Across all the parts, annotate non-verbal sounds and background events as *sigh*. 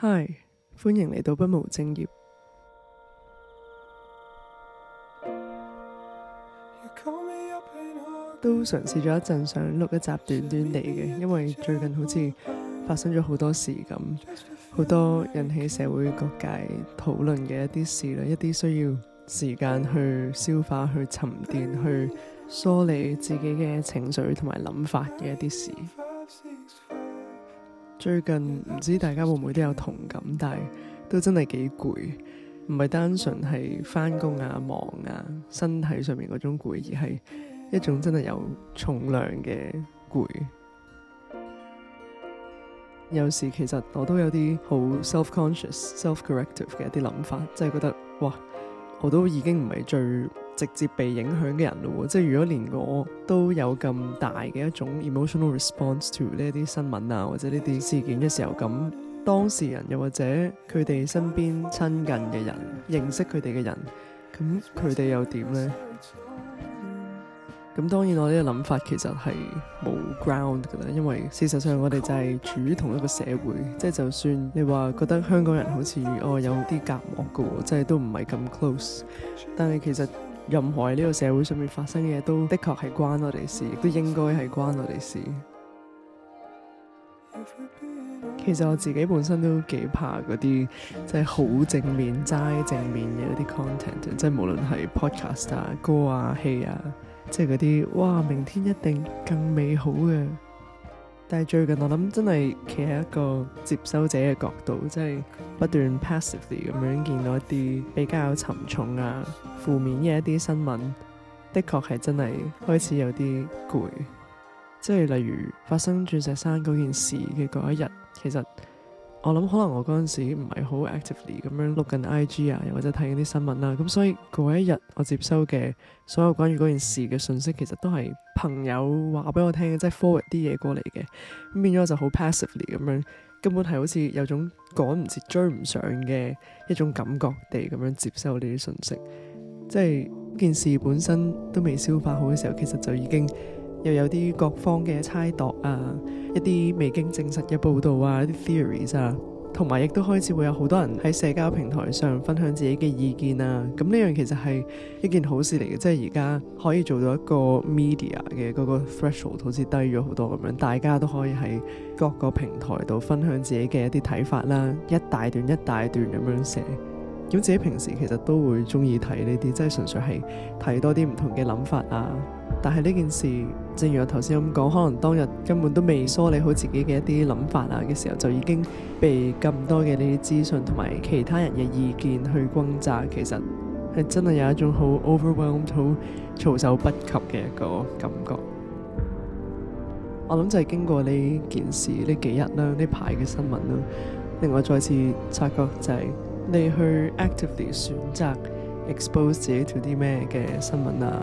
嗨，i 歡迎嚟到不務正業。都嘗試咗一陣，想錄一集短短嚟嘅，因為最近好似發生咗好多事咁，好多引起社會各界討論嘅一啲事啦，一啲需要時間去消化、去沉澱、去梳理自己嘅情緒同埋諗法嘅一啲事。最近唔知大家會唔會都有同感，但係都真係幾攰，唔係單純係翻工啊忙啊，身體上面嗰種攰，而係一種真係有重量嘅攰。 *music* 有時其實我都有啲好 self conscious self、self corrective 嘅一啲諗法，即係覺得哇，我都已經唔係最直接被影響嘅人咯喎，即係如果連我都有咁大嘅一種 emotional response to 呢啲新聞啊，或者呢啲事件嘅時候咁，當事人又或者佢哋身邊親近嘅人、認識佢哋嘅人，咁佢哋又點呢？咁當然我呢個諗法其實係冇 ground 㗎啦，因為事實上我哋就係處於同一個社會，即係就算你話覺得香港人好似哦有啲隔膜嘅喎，即係都唔係咁 close，但係其實。任何喺呢個社會上面發生嘅嘢，都的確係關我哋事，亦都應該係關我哋事。其實我自己本身都幾怕嗰啲即係好正面、齋 *music* 正面嘅嗰啲 content，即係無論係 podcast 啊、 *music* 歌啊、戲啊，即係嗰啲哇，明天一定更美好嘅。但係最近我諗真係企喺一個接收者嘅角度，即係不斷 passively 咁樣見到一啲比較沉重啊、負面嘅一啲新聞，的確係真係開始有啲攰。即係例如發生鑽石山嗰件事嘅嗰一日，其實。我諗可能我嗰陣時唔係好 actively 咁樣碌緊 IG 啊，又或者睇緊啲新聞啦，咁所以嗰一日我接收嘅所有關於嗰件事嘅訊息，其實都係朋友話俾我聽嘅，即係 forward 啲嘢過嚟嘅，咁變咗就好 passively 咁樣，根本係好似有種趕唔切、追唔上嘅一種感覺地咁樣接收呢啲訊息，即係件事本身都未消化好嘅時候，其實就已經。又有啲各方嘅猜度啊，一啲未經證實嘅報道啊，一啲 theories 啊，同埋亦都開始會有好多人喺社交平台上分享自己嘅意見啊。咁呢樣其實係一件好事嚟嘅，即係而家可以做到一個 media 嘅嗰個 threshold 好似低咗好多咁樣，大家都可以喺各個平台度分享自己嘅一啲睇法啦，一大段一大段咁樣寫。咁自己平時其實都會中意睇呢啲，即係純粹係睇多啲唔同嘅諗法啊。但係呢件事，正如我頭先咁講，可能當日根本都未梳理好自己嘅一啲諗法啊嘅時候，就已經被咁多嘅呢啲資訊同埋其他人嘅意見去轟炸，其實係真係有一種好 overwhelmed、好措手不及嘅一個感覺。我諗就係經過呢件事、呢幾日啦、呢排嘅新聞啦，另外再次察覺就係你去 actively 選擇 expose 自己 to 啲咩嘅新聞啊。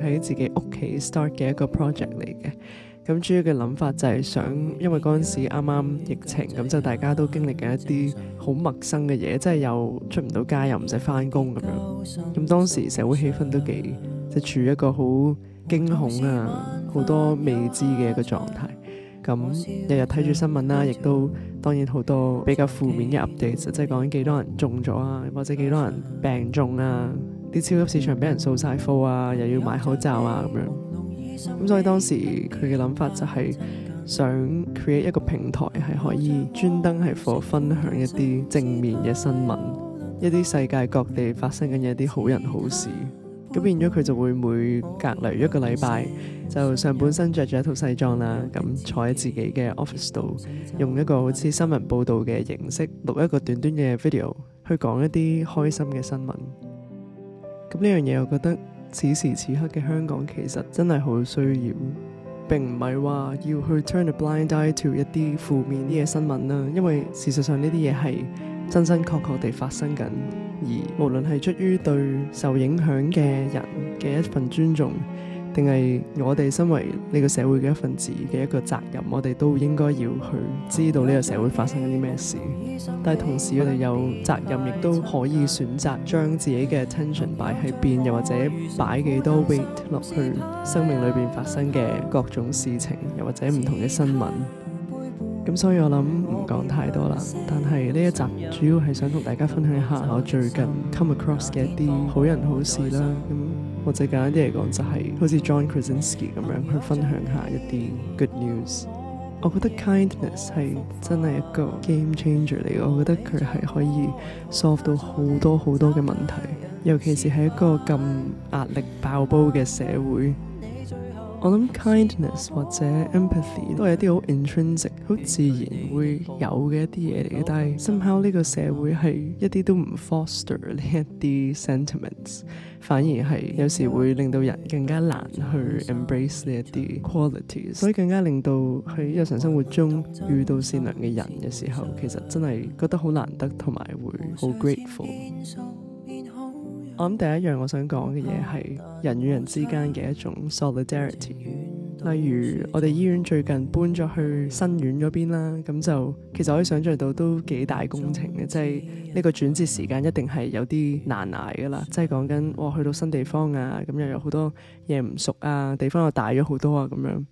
喺自己屋企 start 嘅一個 project 嚟嘅，咁主要嘅諗法就係想，因為嗰陣時啱啱疫情，咁就大家都經歷緊一啲好陌生嘅嘢，即係又出唔到街，又唔使翻工咁樣，咁當時社會氣氛都幾，即係處一個好驚恐啊，好多未知嘅一個狀態，咁日日睇住新聞啦，亦都當然好多比較負面嘅 update，即係講幾多人中咗啊，或者幾多人病重啊。啲超級市場俾人掃晒貨啊，又要買口罩啊，咁樣咁。所以當時佢嘅諗法就係想 create 一個平台，係可以專登係 for 分享一啲正面嘅新聞，一啲世界各地發生緊嘅一啲好人好事。咁變咗佢就會每隔離一個禮拜就上半身着住一套西裝啦，咁坐喺自己嘅 office 度，用一個好似新聞報道嘅形式錄一個短短嘅 video 去講一啲開心嘅新聞。咁呢樣嘢，我覺得此時此刻嘅香港其實真係好需要，並唔係話要去 turn a blind eye to 一啲負面啲嘅新聞啦，因為事實上呢啲嘢係真真確確地發生緊，而無論係出於對受影響嘅人嘅一份尊重，定係我哋身為呢個社會嘅一份子嘅一個責任，我哋都應該要去知道呢個社會發生緊啲咩事。但係同時我哋有責任，亦都可以選擇將自己嘅 attention 擺喺邊，又或者擺幾多 weight 落去生命裏邊發生嘅各種事情，又或者唔同嘅新聞。咁所以我諗唔講太多啦。但係呢一集主要係想同大家分享一下我最近 come across 嘅一啲好人好事啦。或者簡單啲嚟講就係好似 John Krasinski 咁樣，去分享下一啲 good news 我。我覺得 kindness 係真係一個 game changer 嚟，我覺得佢係可以 solve 到好多好多嘅問題，尤其是係一個咁壓力爆煲嘅社會。我諗 kindness 或者 empathy 都係一啲好 intrinsic 好自然會有嘅一啲嘢嚟嘅，但係 s 考呢個社會係一啲都唔 foster 呢一啲 sentiments，反而係有時會令到人更加難去 embrace 呢一啲 qualities，所以更加令到喺日常生活中遇到善良嘅人嘅時候，其實真係覺得好難得，同埋會好 grateful。我諗第一樣我想講嘅嘢係人與人之間嘅一種 solidarity。例如我哋醫院最近搬咗去新院嗰邊啦，咁就其實可以想像到都幾大工程嘅，即係呢個轉接時間一定係有啲難捱㗎喇。即係講緊哇去到新地方啊，咁又有好多嘢唔熟啊，地方又大咗好多啊咁樣。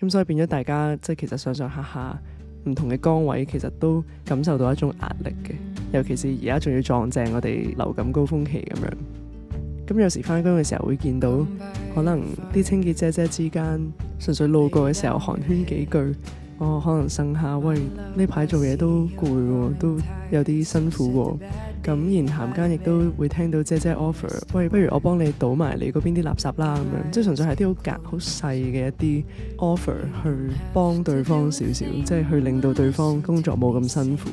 咁所以變咗大家即係其實上上下下唔同嘅崗位其實都感受到一種壓力嘅。尤其是而家仲要撞正我哋流感高峰期咁樣，咁有時翻工嘅時候會見到，可能啲清潔姐姐之間純粹路過嘅時候寒暄幾句，哦，可能剩下喂呢排做嘢都攰喎，哦，都有啲辛苦喎，哦。咁言談間亦都會聽到姐姐 offer，喂，不如我幫你倒埋你嗰邊啲垃圾啦咁樣，即係純粹係啲好夾好細嘅一啲 offer 去幫對方少少，即係去令到對方工作冇咁辛苦。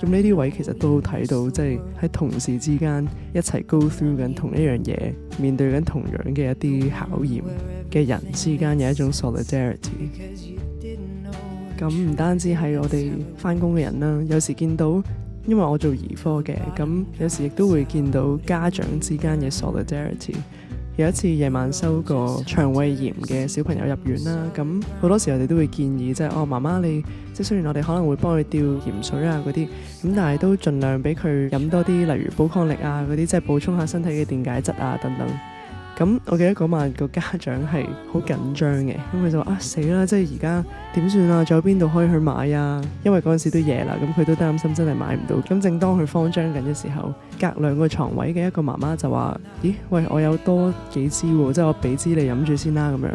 咁呢啲位其實都睇到，即係喺同事之間一齊 go through 緊同一樣嘢，面對緊同樣嘅一啲考驗嘅人之間嘅一種 solidarity。咁唔單止係我哋返工嘅人啦，有時見到，因為我做兒科嘅，咁有時亦都會見到家長之間嘅 solidarity。有一次夜晚收個腸胃炎嘅小朋友入院啦，咁好多時候我哋都會建議即係、就是、哦，媽媽你即雖然我哋可能會幫佢吊鹽水啊嗰啲，咁但係都盡量俾佢飲多啲，例如寶礦力啊嗰啲，即係補充下身體嘅電解質啊等等。咁我記得嗰晚個家長係好緊張嘅，咁佢就話：啊死啦！即係而家點算啊？仲有邊度可以去買啊？因為嗰陣時都夜啦，咁佢都擔心真係買唔到。咁正當佢慌張緊嘅時候，隔兩個床位嘅一個媽媽就話：咦，喂，我有多幾支喎、啊，即係我俾支你飲住先啦、啊、咁樣。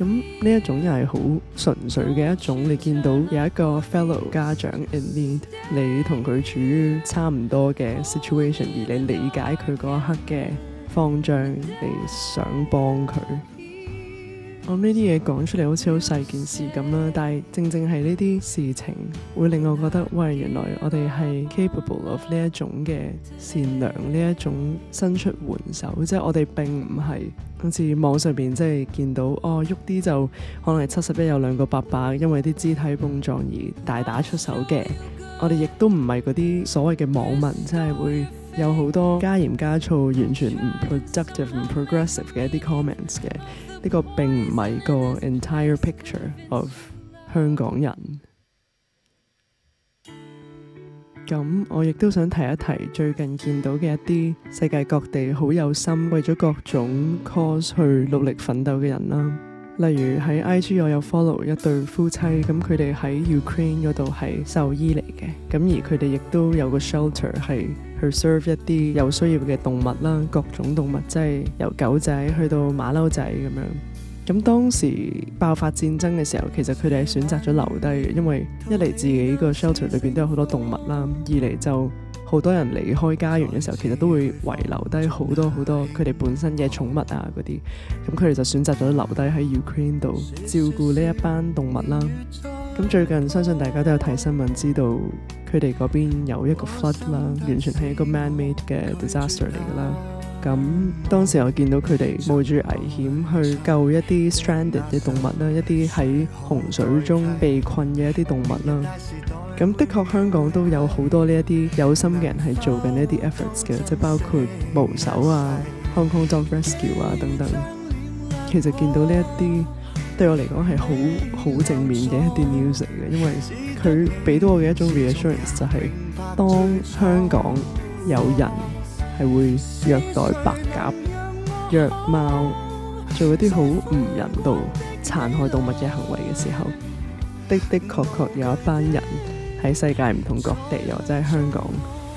咁呢一種又係好純粹嘅一種，你見到有一個 fellow 家長 in need，你同佢處於差唔多嘅 situation，而你理解佢嗰一刻嘅。方丈你想幫佢？我呢啲嘢講出嚟好似好細件事咁啦，但係正正係呢啲事情會令我覺得，喂，原來我哋係 capable of 呢一種嘅善良，呢一種伸出援手，即係我哋並唔係好似網上面即係見到哦，喐啲就可能係七十一有兩個八百，因為啲肢體碰撞而大打出手嘅。我哋亦都唔係嗰啲所謂嘅網民，即係會。有好多加鹽加醋，完全唔 productive 唔 progressive 嘅一啲 comments 嘅呢、呢個並唔係個 entire picture of 香港人。咁 *music* 我亦都想提一提最近見到嘅一啲世界各地好有心為咗各種 cause 去努力奮鬥嘅人啦。例如喺 IG 我有 follow 一對夫妻，咁佢哋喺 Ukraine 嗰度係獸醫嚟嘅，咁而佢哋亦都有個 shelter 係。去 serve 一啲有需要嘅動物啦，各種動物即係由狗仔去到馬騮仔咁樣。咁當時爆發戰爭嘅時候，其實佢哋係選擇咗留低嘅，因為一嚟自己個 shelter 裏邊都有好多動物啦，二嚟就好多人離開家園嘅時候，其實都會遺留低好多好多佢哋本身嘅寵物啊嗰啲。咁佢哋就選擇咗留低喺 Ukraine 度照顧呢一班動物啦。咁最近相信大家都有睇新聞，知道佢哋嗰邊有一個 flood 啦，完全係一個 man-made 嘅 disaster 嚟㗎啦。咁當時我見到佢哋冒住危險去救一啲 stranded 嘅動物啦，一啲喺洪水中被困嘅一啲動物啦。咁的確香港都有好多呢一啲有心嘅人係做緊呢一啲 efforts 嘅，即包括無手啊、Hong Kong Dog Rescue 啊等等。其實見到呢一啲。對我嚟講係好正面嘅一段 music 因為佢俾到我嘅一種 reassurance 就係、是，當香港有人係會虐待白鴿、虐待貓，做一啲好唔人道殘害動物嘅行為嘅時候，的的確確有一班人喺世界唔同各地，又或者喺香港。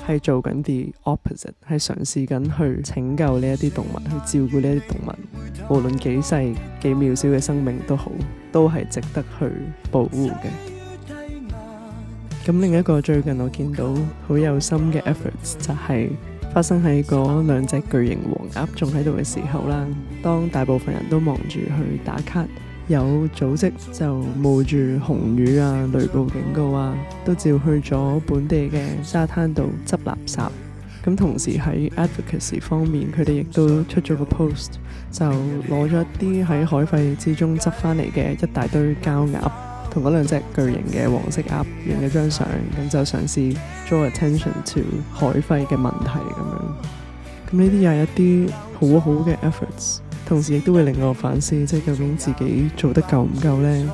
係做緊啲 opposite，係嘗試緊去拯救呢一啲動物，去照顧呢啲動物，無論幾細幾渺小嘅生命都好，都係值得去保護嘅。咁另一個最近我見到好有心嘅 efforts 就係發生喺嗰兩隻巨型黃鴨仲喺度嘅時候啦，當大部分人都忙住去打卡。有組織就冒住紅雨啊、雷暴警告啊，都照去咗本地嘅沙灘度執垃圾。咁同時喺 advocacy 方面，佢哋亦都出咗個 post，就攞咗一啲喺海廢之中執返嚟嘅一大堆膠鴨同嗰兩隻巨型嘅黃色鴨影一張相，咁就嘗試 draw attention to 海廢嘅問題咁樣。咁呢啲又係一啲好好嘅 efforts。同時亦都會令我反思，即究竟自己做得夠唔夠呢？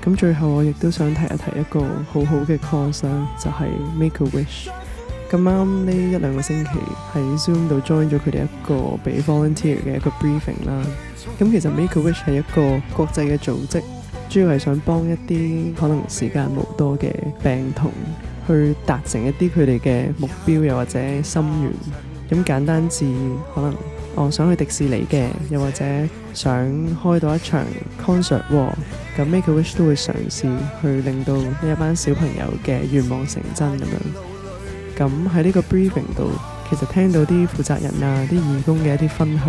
咁 *music* 最後我亦都想提一提一個好好嘅 concept，就係 Make a Wish。咁啱呢一兩個星期喺 Zoom 度 join 咗佢哋一個俾 volunteer 嘅一個 briefing 啦。咁其實 Make a Wish 係一個國際嘅組織，主要係想幫一啲可能時間無多嘅病童去達成一啲佢哋嘅目標，又或者心願。咁簡單至可能，我、哦、想去迪士尼嘅，又或者想開到一場 concert 咁，Make a Wish 都會嘗試去令到呢一班小朋友嘅願望成真咁樣。咁喺呢個 briefing 度，其實聽到啲負責人啊、啲義工嘅一啲分享，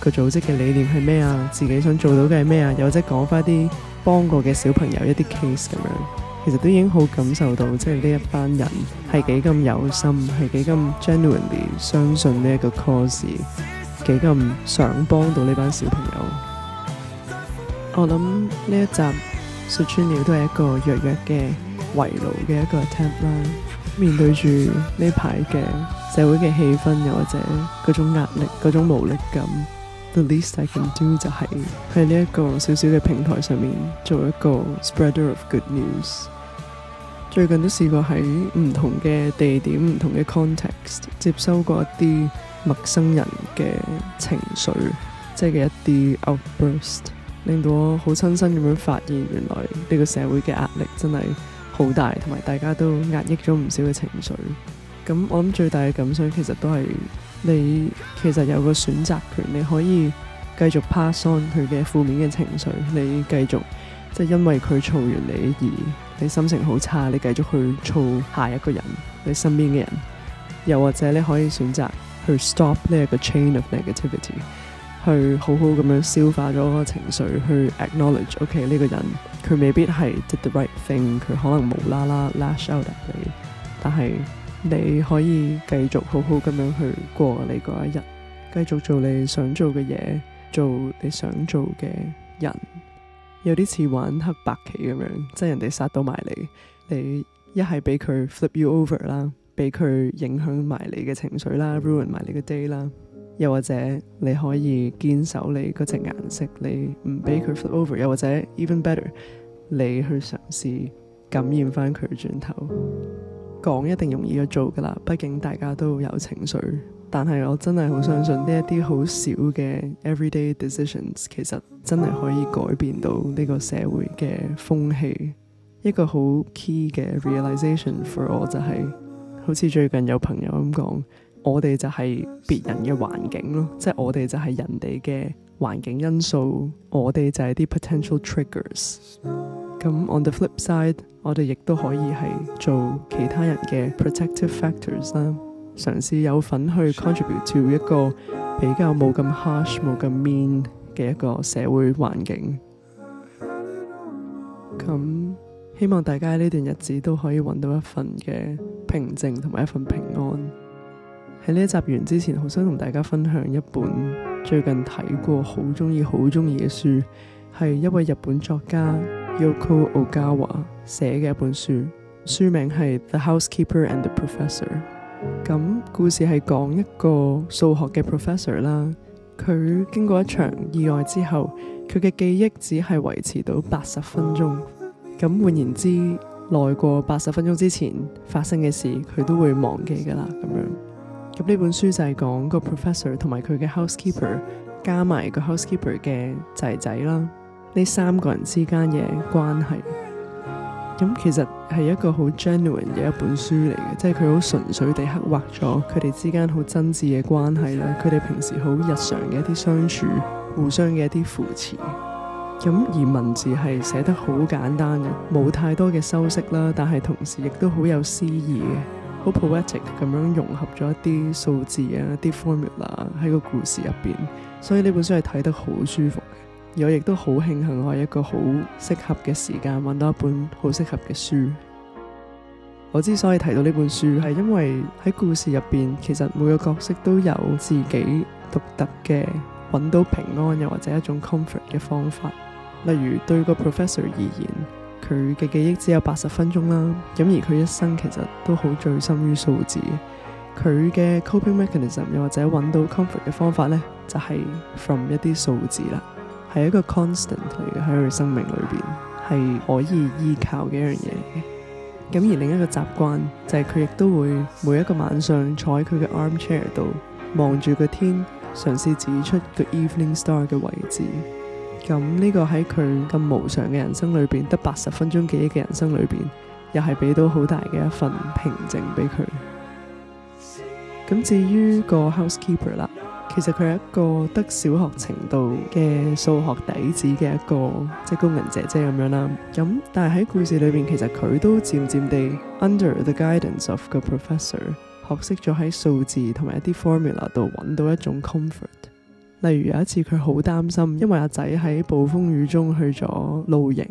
個組織嘅理念係咩啊？自己想做到嘅係咩啊？又或者講翻啲幫過嘅小朋友一啲 case 咁樣，其實都已經好感受到，即係呢一班人係幾咁有心，係幾咁 genuinely 相信呢一個 cause。幾咁想幫到呢班小朋友，我諗呢一集說穿了都係一個弱弱嘅圍爐嘅一個 attempt 啦。面對住呢排嘅社會嘅氣氛，又或者嗰種壓力、嗰種無力感，The least I can do 就係喺呢一個少少嘅平台上面做一個 spreader of good news。最近都試過喺唔同嘅地點、唔同嘅 context 接收過一啲陌生人嘅情緒，即係嘅一啲 outburst，令到我好親身咁樣發現，原來呢個社會嘅壓力真係好大，同埋大家都壓抑咗唔少嘅情緒。咁我諗最大嘅感想其實都係你其實有個選擇權，你可以繼續 pass on 佢嘅負面嘅情緒，你繼續。即係因為佢嘈完你而你心情好差，你繼續去嘈下一個人，你身邊嘅人，又或者你可以選擇去 stop 呢一個 chain of negativity，去好好咁樣消化咗個情緒，去 acknowledge，OK、okay，呢個人佢未必係 did the right thing，佢可能無啦啦 lash out 你，但係你可以繼續好好咁樣去過你嗰一日，繼續做你想做嘅嘢，做你想做嘅人。有啲似玩黑白棋咁樣，即係人哋殺到埋你，你一係俾佢 flip you over 啦，俾佢影響埋你嘅情緒啦，ruin 埋你嘅 day 啦。又或者你可以堅守你嗰隻顏色，你唔俾佢 flip over。又或者 even better，你去嘗試感染返佢轉頭。講一定容易過做噶啦，畢竟大家都有情緒。但係我真係好相信呢一啲好小嘅 everyday decisions，其實真係可以改變到呢個社會嘅風氣。一個好 key 嘅 realization for 我，就係，就係好似最近有朋友咁講，我哋就係別人嘅環境咯，即係我哋就係人哋嘅環境因素，我哋就係啲 potential triggers。咁 on the flip side，我哋亦都可以係做其他人嘅 protective factors 啦。嘗試有份去 contribute to 一個比較冇咁 harsh、冇咁 mean 嘅一個社會環境。咁希望大家呢段日子都可以揾到一份嘅平靜同埋一份平安。喺呢一集完之前，好想同大家分享一本最近睇過好中意、好中意嘅書，係一位日本作家 Yoko Ogawa 寫嘅一本書，書名係《The Housekeeper and the Professor》。咁故事係講一個數學嘅 professor 啦，佢經過一場意外之後，佢嘅記憶只係維持到八十分鐘。咁換言之，耐過八十分鐘之前發生嘅事，佢都會忘記噶啦。咁樣，咁呢本書就係講個 professor 同埋佢嘅 housekeeper 加埋個 housekeeper 嘅仔仔啦，呢三個人之間嘅關係。咁、嗯、其實係一個好 genuine 嘅一本書嚟嘅，即係佢好純粹地刻畫咗佢哋之間好真摯嘅關係啦，佢哋平時好日常嘅一啲相處，互相嘅一啲扶持。咁、嗯、而文字係寫得好簡單嘅，冇太多嘅修飾啦，但係同時亦都好有詩意嘅，好 poetic 咁樣融合咗一啲數字啊、一啲 formula 喺個故事入邊，所以呢本書係睇得好舒服嘅。而我亦都好慶幸，我喺一個好適合嘅時間揾到一本好適合嘅書。我之所以提到呢本書，係因為喺故事入邊，其實每個角色都有自己獨特嘅揾到平安又或者一種 comfort 嘅方法。例如對個 professor 而言，佢嘅記憶只有八十分鐘啦。咁而佢一生其實都好醉心於數字，佢嘅 coping mechanism 又或者揾到 comfort 嘅方法呢，就係 from 一啲數字啦。係一個 constant 嚟嘅，喺佢生命裏邊，係可以依靠嘅一樣嘢嘅。咁而另一個習慣就係、是、佢亦都會每一個晚上坐喺佢嘅 armchair 度，望住個天，嘗試指出個 evening star 嘅位置。咁呢個喺佢咁無常嘅人生裏面，得八十分鐘記憶嘅人生裏面，又係俾到好大嘅一份平靜俾佢。咁至於個 housekeeper 啦。其實佢係一個得小學程度嘅數學底子嘅一個即係工人姐姐咁樣啦。咁、嗯、但係喺故事裏邊，其實佢都漸漸地 under the guidance of 個 professor 學識咗喺數字同埋一啲 formula 度揾到一種 comfort。例如有一次佢好擔心，因為阿仔喺暴風雨中去咗露營。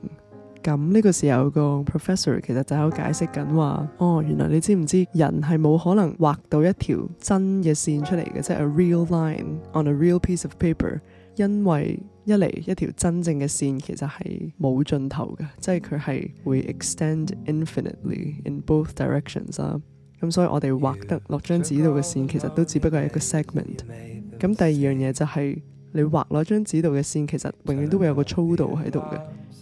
咁呢個時候個 professor 其實就喺度解釋緊話，哦，原來你知唔知人係冇可能畫到一條真嘅線出嚟嘅，即係 a real line on a real piece of paper，因為一嚟一條真正嘅線其實係冇盡頭嘅，即係佢係會 extend infinitely in both directions 啊，咁、嗯、所以我哋畫得落張紙度嘅線其實都只不過係一個 segment，咁、嗯嗯嗯嗯、第二樣嘢就係、是、你畫落張紙度嘅線其實永遠都會有個粗度喺度嘅。